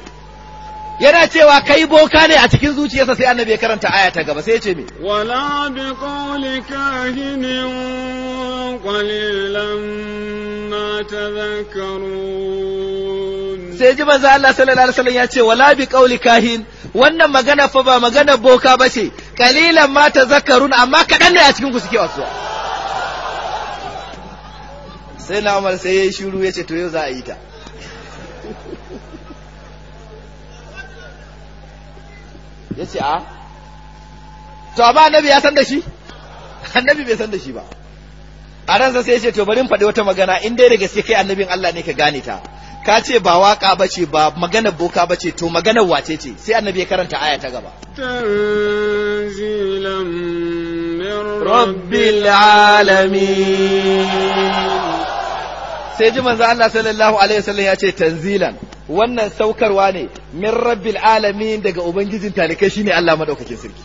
yana cewa kai boka ne a cikin zuciyarsa sai annabi ya karanta aya ta gaba sai ya ce me wala bi qawli kahinin qalilan ma tadhakkarun sai ji manzo Allah sallallahu alaihi wasallam ya ce wala bi qawli kahin wannan magana fa ba magana boka ba ce. qalilan mata zakarun amma kadan ne a cikin ku suke wasuwa sai na umar sai ya yi shuru ya ce to yau za a yi ta ya ce a to amma annabi ya san da shi annabi bai san da shi ba a ransa sai ya ce to bari in faɗi wata magana in dai daga sai kai annabin Allah ne ka gane ta ka ce ba waka ba ce ba maganar boka ba ce to maganar wace ce sai annabi ya karanta aya ta gaba tanzilan min rabbil alamin sai ji manzo Allah sallallahu alaihi wasallam ya ce tanzilan wannan saukarwa ne min rabbil alamin daga ubangijin talikai shine Allah madaukakin sarki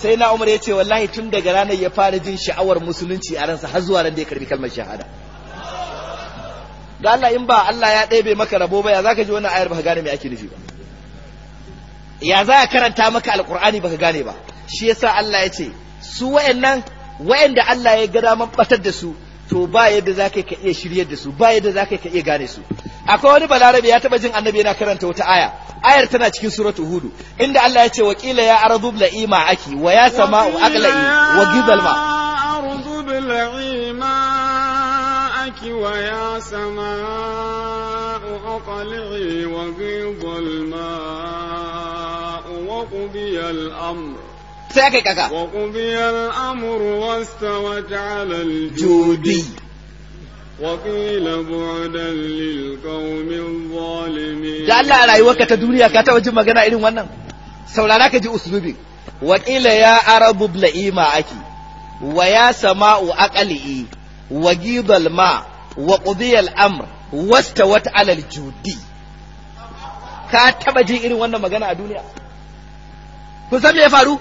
sai na Umar ya ce wallahi tun daga ranar ya fara jin sha'awar musulunci a ransa har zuwa ran da ya karbi kalmar shahada da Allah in ba Allah ya ɗebe maka rabo ba ya zaka ji wannan ayar ka gane me ake nufi ba ya za ka karanta maka alqur'ani ka gane ba shi yasa Allah ya ce su wayannan wayanda Allah ya ga daman batar da su to ba yadda za ka iya shiryar da su ba yadda za ka iya gane su akwai wani balarabe ya taba jin annabi yana karanta wata aya ayar tana cikin suratu hudu inda Allah ya ce wa qila ya ardu bla'i aki wa ya wa ma ardu aki wa ya wa aqla'i wa wa qudiya amr sai aka yi kaka wa qudiyal amru wastawat ala al-judi wa qila bu'dan lil da Allah rayuwarka ta duniya ka taɓa jin magana irin wannan saurara ka ji usulubi. wa ya arabu blaima ake. wa ya sama'u aqli'i wa gibal ma wa ƙubiyar amur. Wasta wata alal judi ka taɓa jin irin wannan magana a duniya kun san me ya faru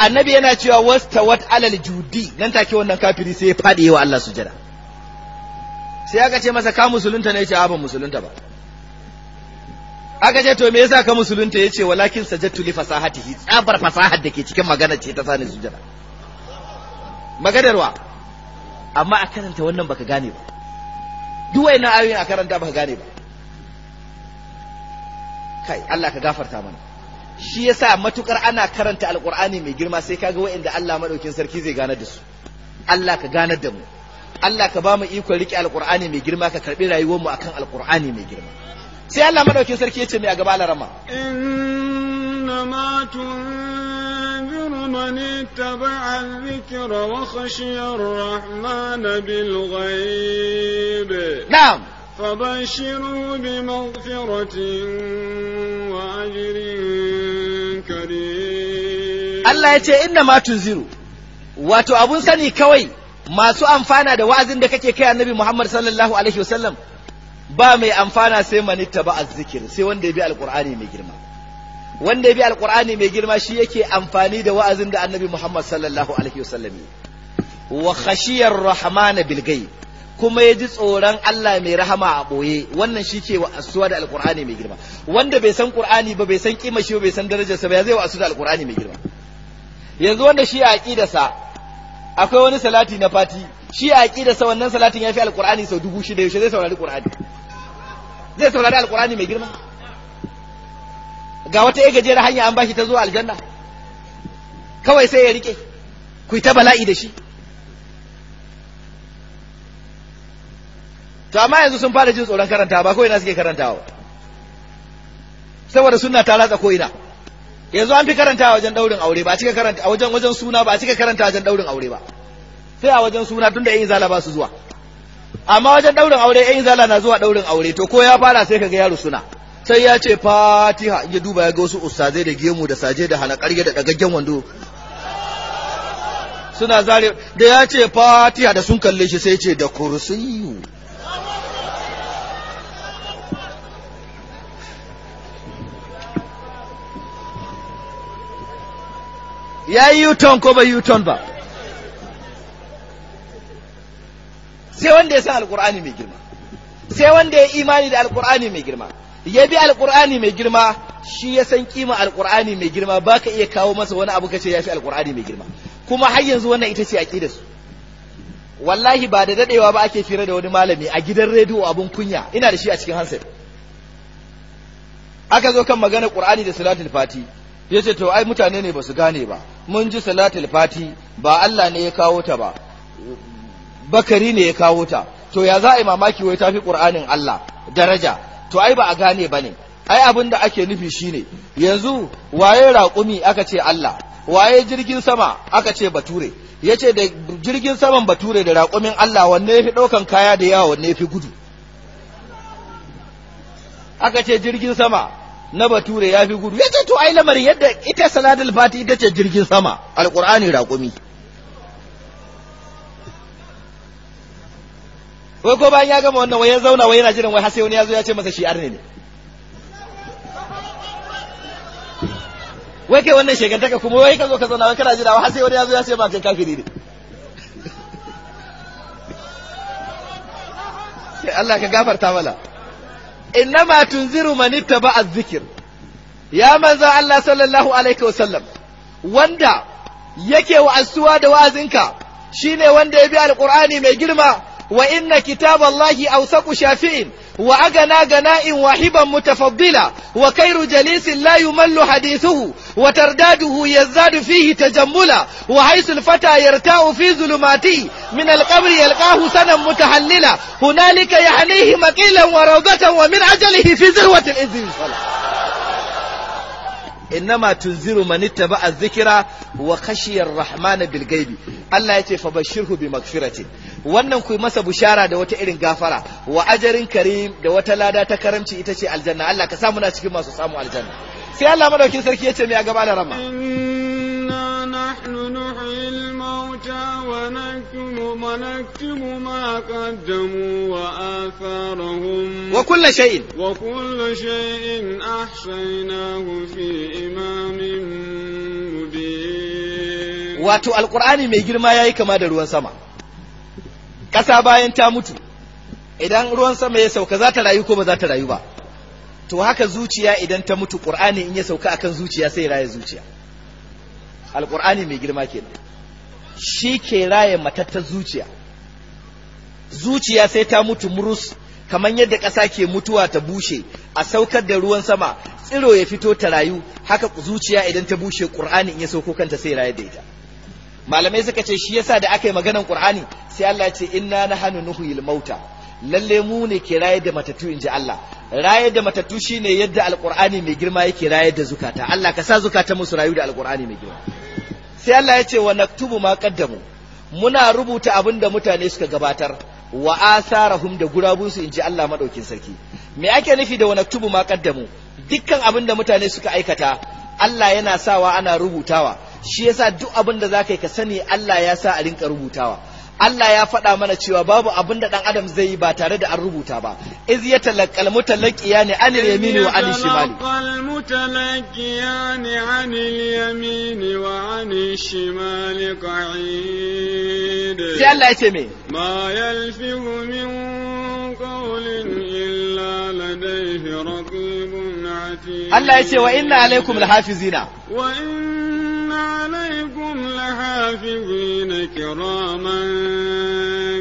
annabi yana cewa wat alal judi nan take wannan kafiri sai ya fadi wa Allah sujada sai aka ce masa ka musulunta ne yace a ba musulunta ba aka ce to me yasa ka musulunta yace walakin sajadtu li fasahatihi tsabar fasahar dake ke cikin magana ce ta sani sujada magadarwa amma a karanta wannan baka gane ba duk wayannan ayoyin a karanta baka gane ba kai Allah ka gafarta mana shi yasa matukar ana karanta alkur'ani mai girma sai kaga wa'inda Allah madaukin sarki zai gane da su Allah ka gane da mu Allah ka ba mu ikon rike alkurani mai girma ka karbi rayuwar mu akan alkurani mai girma sai Allah madaukin sarki ya ce mai a gaba larama إنما تنذر من اتبع الذكر وخشي الرحمن بالغيب نعم فبشره بمغفرة Allah ya ce inna ma tunziru wato abun sani kawai masu amfana da wa'azin da kake kai annabi Muhammad sallallahu alaihi wasallam ba mai amfana sai manitta ba azzikir sai wanda ya bi alqur'ani mai girma wanda ya bi alqur'ani mai girma shi yake amfani da wa'azin da annabi Muhammad sallallahu alaihi wasallam wa khashiyar rahman bil ghaib kuma ya ji tsoron Allah mai rahama a ɓoye wannan shi ke wa'asuwa da alƙur'ani mai girma wanda bai san ƙur'ani ba bai san kima ba bai san darajarsa ba ya zai wa'asu da alƙur'ani mai girma yanzu wanda shi a aqidarsa akwai wani salati na fati shi a aqidarsa wannan salatin ya fi Alƙur'ani sau dubu shida yaushe zai saurari Alƙur'ani, zai saurari Alƙur'ani mai girma ga wata ya gajera hanya an bashi ta zuwa aljanna kawai sai ya rike ku yi ta bala'i da shi to amma yanzu sun fara jin tsoron karanta ba kawai na suke karantawa saboda suna ta ratsa ko ina yanzu an fi karanta a wajen daurin aure ba a cika karanta a wajen wajen suna ba a cika karanta a wajen daurin aure ba sai a wajen suna tunda yayin zala ba su zuwa amma wajen daurin aure yayin zala na zuwa daurin aure to ko ya fara sai kaga yaro suna sai ya ce fatiha ya duba ya ga wasu ustazai da gemu da saje da halakar da dagaggen wando suna zare da ya ce fatiha da sun kalle shi sai ce da kursiyu ya yi yuton ko bai yuton ba sai wanda ya san alkur'ani mai girma sai wanda ya imani da alkur'ani mai girma ya bi alkur'ani mai girma shi ya san kima alkur'ani mai girma ba ka iya kawo masa wani abu kace ya fi alkur'ani mai girma kuma har yanzu wannan ita ce aƙida su wallahi ba da dadewa ba ake fira da wani malami a gidan rediyo abun kunya ina da shi a cikin handset aka zo kan magana qur'ani da salatul fati yace to ai mutane ne ba su gane ba mun ji salatul fati ba Allah ne ya kawo ta ba bakari ne ya kawo ta to ya za a yi mamaki wai tafi qur'anin Allah daraja to ai ba a gane bane ai abin da ake nufi shine yanzu waye raƙumi aka ce Allah waye jirgin sama aka ce bature yace da jirgin saman bature da raƙumin Allah wanne yafi ɗaukan kaya da yawa wanne yafi gudu aka ce jirgin sama na bature ya fi gudu yace to ai lamarin yadda ita saladul fati ita ce jirgin sama alqur'ani raƙumi wai ko bayan ya gama wannan wai ya zauna wai yana jiran wai har sai wani ya zo ya ce masa shi arne ne wai kai wannan shegantaka kuma wai ka zo ka zauna wai kana jira wai har sai wani ya zo ya ce ma kai kafiri ne sai Allah ka gafarta mala innama tunziru man ittaba az-zikr ya manzo Allah sallallahu alaihi wasallam wanda yake wa'azuwa da wa'azinka shine wanda ya bi alƙur'ani mai girma wa inna kitaballahi awsaqu shafi'in وأغنى غناء واهبا متفضلا وكير جليس لا يمل حديثه وترداده يزداد فيه تجملا وحيث الفتى يرتاء في ظلماته من القبر يلقاه سنا متحللا هنالك يحنيه مقيلا وروضة ومن أجله في ذروة الإذن إنما تنذر من اتبع الذكرى وخشي الرحمن بالغيب الله يتفبشره بمغفرة wannan ku masa bushara da wata irin gafara wa ajarin karim da wata lada ta karamci ita ce aljanna Allah ka samu na cikin masu samu aljanna sai Allah madaukin sarki ya ce me a gaba da rama inna nahnu nuhil mauta wa naktumu ma ma qaddamu wa atharahum wa kullu shay'in wa kullu shay'in ahsaynahu fi imamin mubin wato alqur'ani mai girma yayi kama da ruwan sama ƙasa bayan ta mutu idan ruwan sama ya sauka za ta rayu ko ba za ta rayu ba to haka zuciya idan ta mutu ƙur'ani in ya sauka akan zuciya sai raya zuciya alƙur'ani mai girma kenan shi ke raya matattar zuciya zuciya sai ta mutu murus kamar yadda ƙasa ke mutuwa ta bushe a saukar da ruwan sama tsiro ya fito ta rayu haka zuciya idan ta bushe ƙur'ani in ya sauko kanta sai raya da ita malamai suka ce shi yasa da aka yi maganan qur'ani sai Allah ya ce inna nahanu nuhyil mauta lalle mu ne ke raye da matattu inji Allah raye da matattu shine yadda alqur'ani mai girma yake raye da zukata Allah ka sa zukata musu rayu da alqur'ani mai girma sai Allah ya ce wa naktubu ma qaddamu muna rubuta abin da mutane suka gabatar wa asarahum da gurabunsu inji Allah madaukin sarki me ake nufi da wa naktubu ma qaddamu dukkan abin da mutane suka aikata Allah yana sawa ana rubutawa shi yasa duk abin da zaka yi ka sani Allah ya sa a rinka rubutawa Allah ya faɗa mana cewa babu abin da ɗan adam zai yi ba tare da an rubuta ba iz ya talaqqal ne anil yamini wa anil shimali anil yamini wa anil shimali qa'id sai Allah ya ce me ma yalfihu min qawlin illa ladayhi raqibun atid Allah ya ce wa inna alaykum alhafizina wa inna عليكم لحافظين كراما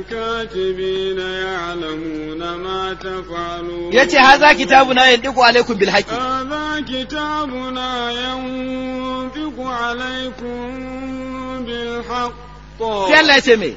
كاتبين يعلمون ما تفعلون يتي هذا كتابنا ينطق عليكم بالحق هذا كتابنا ينطق عليكم بالحق يلا يتمي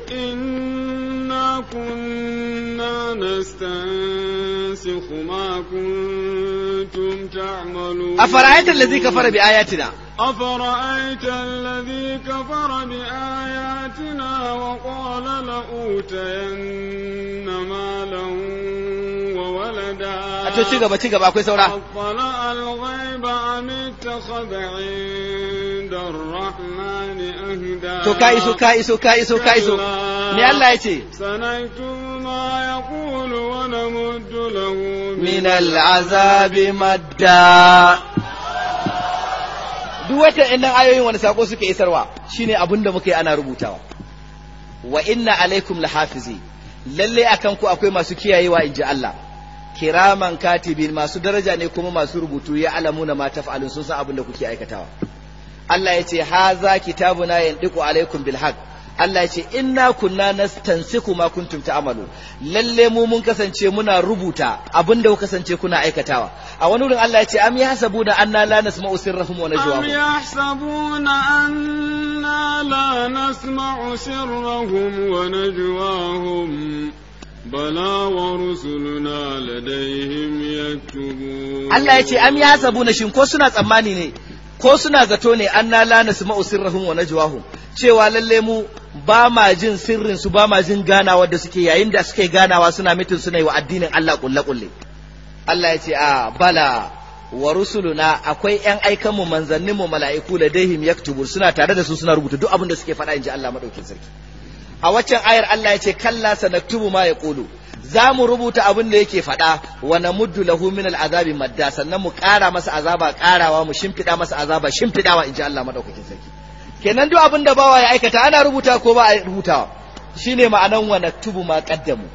إنا كنا نستنسخ ما كنتم تعملون أفرأيت الذي كفر بآياتنا أفرأيت الذي كفر بآياتنا وقال لأوتين مالا a to ci gaba ci gaba akwai saura to ka iso ka iso ka iso ka iso me Allah ya ce من العذاب مدا duk wata innan ayoyin wani sako suke isarwa shine abin da muka yi ana rubutawa wa inna alaikum lahafizi lalle akan ku akwai masu kiyayewa in ji Allah kiraman katibin masu daraja ne kuma masu rubutu ya alamu na mata fa'alun sun san abin da kuke aikatawa Allah ya ce haza kitabuna yandiku alaikum bil haqq Allah ya ce inna kunna nastansiku ma kuntum ta'malu lalle mu mun kasance muna rubuta abin da ku kasance kuna aikatawa a wani wurin Allah ya ce am yahsabuna anna la nasma'u sirrahum wa najwahum am yahsabuna anna la nasma'u sirrahum wa najwahum bala wa rusuluna ladaihim Allah ya ce am ya sabu na shin ko suna tsammani ne ko suna zato ne an na lana su ma'usirrahum wa najwahum cewa lalle mu ba ma jin sirrin su ba ma jin ganawa da suke yayin da suke ganawa suna mitin suna yi wa addinin Allah kulle kulle Allah ya ce a bala wa rusuluna akwai yan aikan mu manzannin mala'iku da yaktubu suna tare da su suna rubuta duk abin da suke faɗa in ji Allah madaukin sarki a waccan ayar Allah ya ce kalla sanaktubu ma ya kulu za mu rubuta abin da yake faɗa wa muddu lahu min al'azabi madda sannan mu ƙara masa azaba ƙarawa mu shimfiɗa masa azaba shimfiɗawa in ji Allah madaukakin sarki kenan duk abin da bawa ya aikata ana rubuta ko ba a rubutawa shine ma'anan wa naktubu ma qaddamu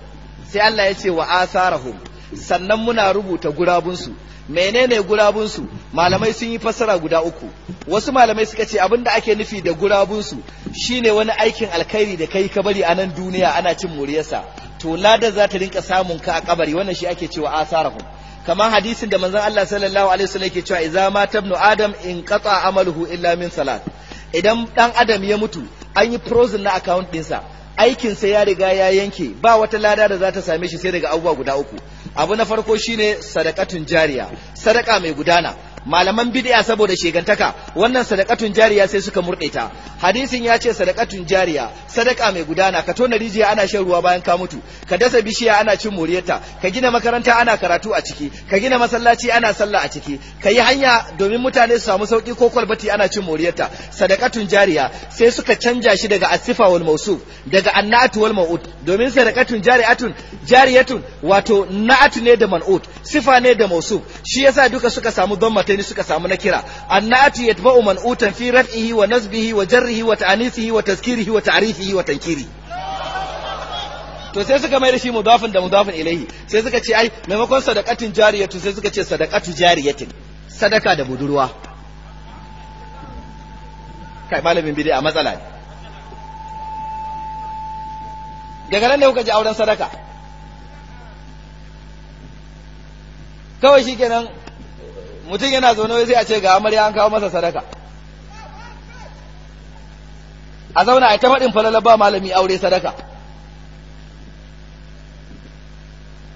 sai Allah ya ce wa asarahum sannan muna rubuta gurabunsu menene gurabunsu malamai sun yi fassara guda uku wasu malamai suka ce abin da ake nufi da gurabunsu shine wani aikin alkhairi da kai ka bari a nan duniya ana cin moriyarsa to lada za ta rinka samun ka a kabari wannan shi ake cewa asarahu kama hadisin da manzon Allah sallallahu alaihi wasallam yake cewa idza mata ibnu adam in qata amaluhu illa min salat idan dan adam ya mutu an yi frozen na account ɗinsa sa ya riga ya yanke ba wata lada da za ta same shi sai daga abubuwa guda uku abu na farko shine sadakatun jariya sadaka mai gudana malaman bid'a saboda shegantaka wannan sadakatun jariya sai suka murde ta hadisin ya ce sadakatun jariya sadaka mai gudana ka tona rijiya ana shan ruwa bayan ka mutu ka dasa bishiya ana cin moriyarta ka gina makaranta ana karatu a ciki ka gina masallaci ana sallah a ciki ka yi hanya domin mutane su samu sauki ko kwalbati ana cin moriyarta sadakatun jariya sai suka canja shi daga asifa wal mausuf daga annatu wal maut domin sadakatun jari'atun jariyatun wato na'atu ne da man'ut sifa ne da mausuf shi yasa duka suka samu dhammata martaini suka samu nakira annati yatba'u man utan fi raf'ihi wa nasbihi wa jarrihi wa ta'anisihi wa tazkirihi wa ta'rifihi wa tankiri to sai suka mai da shi mudafin da mudafin ilaihi sai suka ce ai maimakon sadaqatin jariyatu sai suka ce sadaqatu jariyatin sadaka da budurwa kai malamin bidi a matsala ne daga nan ne kuka ji auren sadaka kawai shi kenan mutum yana zaune sai a ce ga amarya an kawo masa sadaka a zauna a ta faɗin falala ba malami aure sadaka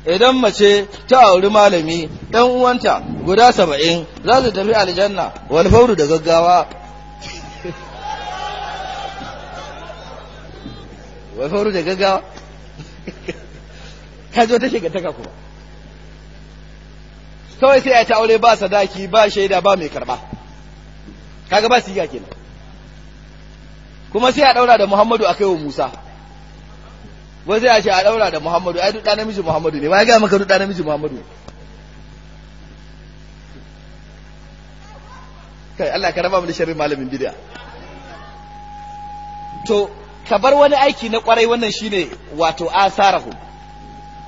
idan mace ta auri malami ɗan uwanta guda saba'in za su tafi aljanna walfauru da gaggawa walfauru da gaggawa ka ta shiga ta kuma kawai sai a ta aure ba sadaki ba shaida ba mai karba kaga ba siga kenan kuma sai a daura da Muhammadu akai wa Musa wai sai a ce a daura da Muhammadu ai duk da miji Muhammadu ne wai ga maka duk da miji Muhammadu kai Allah ka raba mu da sharri malamin bid'a to ka bar wani aiki na kwarai wannan shine wato asarahum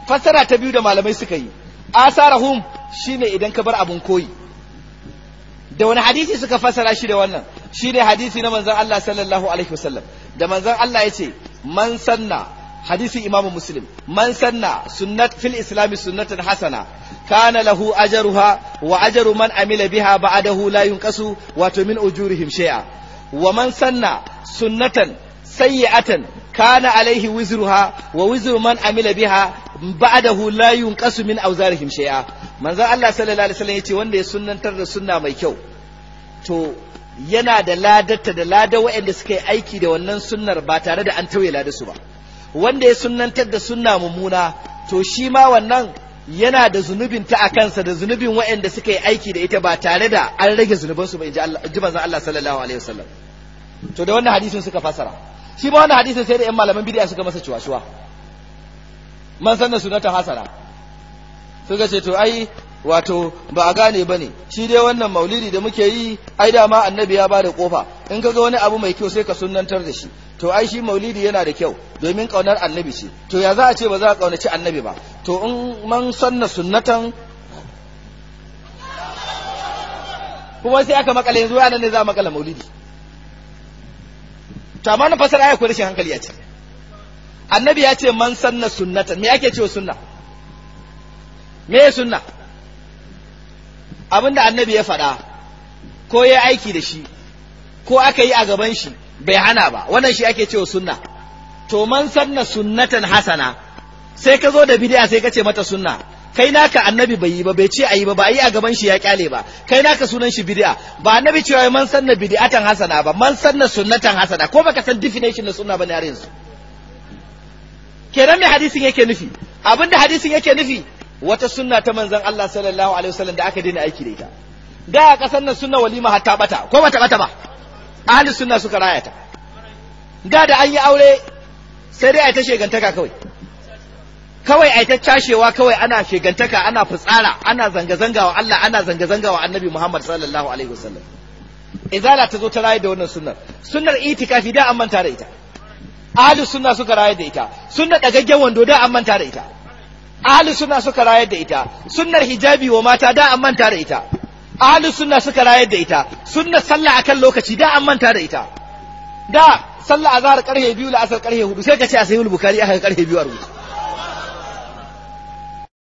fasara ta biyu da malamai suka yi asarahum shine idan ka bar abun koyi da wani hadisi suka fassara shi da wannan shine hadisi na manzon Allah sallallahu alaihi wasallam da manzon Allah ce man sanna hadisi imamu muslim man sanna sunnat fil islam sunnatan hasana kana lahu ajruha wa ajru man amila biha ba'dahu la yunqasu wato min ujurihim shay'a wa man sanna sunnatan sayyi'atan kana alaihi wizruha wa wizru man amila biha ba'dahu la yunqasu min awzarihim shay'a manzon Allah sallallahu alaihi wasallam yace wanda ya sunnantar da sunna mai kyau to yana da ladarta da lada waɗanda suka yi aiki da wannan sunnar ba tare da an tauye ladarsu ba wanda ya sunnantar da sunna mummuna to shi ma wannan yana da zunubin ta a kansa da zunubin waɗanda suka yi aiki da ita ba tare da an rage zunubansu ba in ji manzon Allah sallallahu alaihi wasallam to da wannan hadisin suka fasara shi ma wannan hadisin sai da ƴan malaman bid'a suka masa cewa ciwa man sanna sunnata hasara suka ce to ai wato ba a gane ba ne shi dai wannan maulidi da muke yi ai dama annabi ya bada kofa in kaga wani abu mai kyau sai ka sunnantar da shi to ai shi maulidi yana da kyau domin kaunar annabi ce to ya za a ce ba za a kaunaci annabi ba to in man sanna sunnatan kuma sai aka makale yanzu ya ne za a makala maulidi to amma na fasar aya ko rashin hankali ya ce annabi ya ce man sanna sunnatan me ake cewa sunna me sunna abinda annabi ya faɗa ko ya aiki da shi ko aka yi a gaban shi bai hana ba wannan shi ake cewa sunna to man sanna sunnatan hasana sai ka zo da bid'a sai ka ce mata sunna kai naka annabi bai yi ba bai ce ayi ba ba yi a gaban shi ya kyale ba kai naka sunan shi bid'a ba annabi cewa man sanna bid'atan hasana ba man sanna sunnatan hasana ko baka san definition na sunna bane har yanzu kenan me hadisin yake nufi abinda hadisin yake nufi wata sunna ta manzon Allah sallallahu alaihi wasallam da aka daina aiki da ita ga kasan nan sunna walima hatta bata ko bata bata ba ahli sunna suka raya ta ga da an yi aure sai dai ai ta shegantaka kawai kawai ai ta cashewa kawai ana shegantaka ana fitsara ana zanga zanga wa Allah ana zanga zanga wa Annabi Muhammad sallallahu alaihi wasallam izala ta zo ta raya da wannan sunnar sunnar itikafi da an manta da ita ahli sunna suka raya da ita sunna dagaggen wando da an manta da ita ahalin suna suka rayar da ita sunnar hijabi wa mata da an manta da ita ahalin suna suka rayar da ita sunnar sallah akan lokaci da an manta da ita da sallah azhar karhe biyu la'asar karhe hudu sai ka ce a sahihul bukari aka karhe biyu a